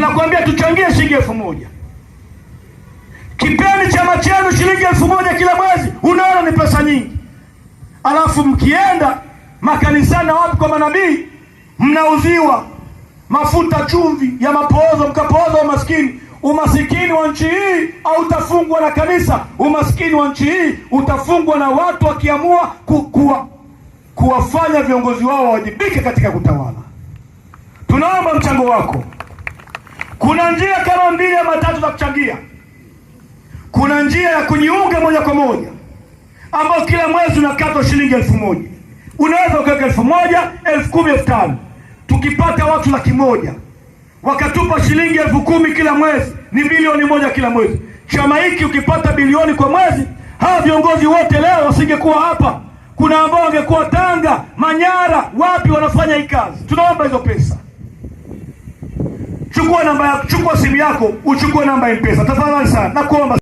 tunakwambia tuchangie shilingi elfu moja kipeni chama chenu shilingi elfu moja kila mwezi, unaona ni pesa nyingi. Alafu mkienda makanisani na wapi kwa manabii, mnauziwa mafuta chumvi ya mapoozo, mkapooza umaskini. Umasikini wa nchi hii hautafungwa na kanisa. umasikini wa nchi hii utafungwa na watu wakiamua kukua kuwafanya viongozi wao wawajibike katika kutawala. Tunaomba mchango wako. Kuna njia kama mbili ama tatu za kuchangia. Kuna njia ya kujiunga moja kwa moja, ambayo kila mwezi unakatwa shilingi elfu moja unaweza ukaweka elfu moja elfu kumi elfu tano Tukipata watu laki moja wakatupa shilingi elfu kumi kila mwezi, ni bilioni moja kila mwezi. Chama hiki ukipata bilioni kwa mwezi, hawa viongozi wote leo wasingekuwa hapa. Kuna ambao wangekuwa Tanga, Manyara, wapi wanafanya hii kazi. Tunaomba hizo pesa. Chukua namba, chukua simu yako uchukue namba ya Mpesa, tafadhali sana, nakuomba.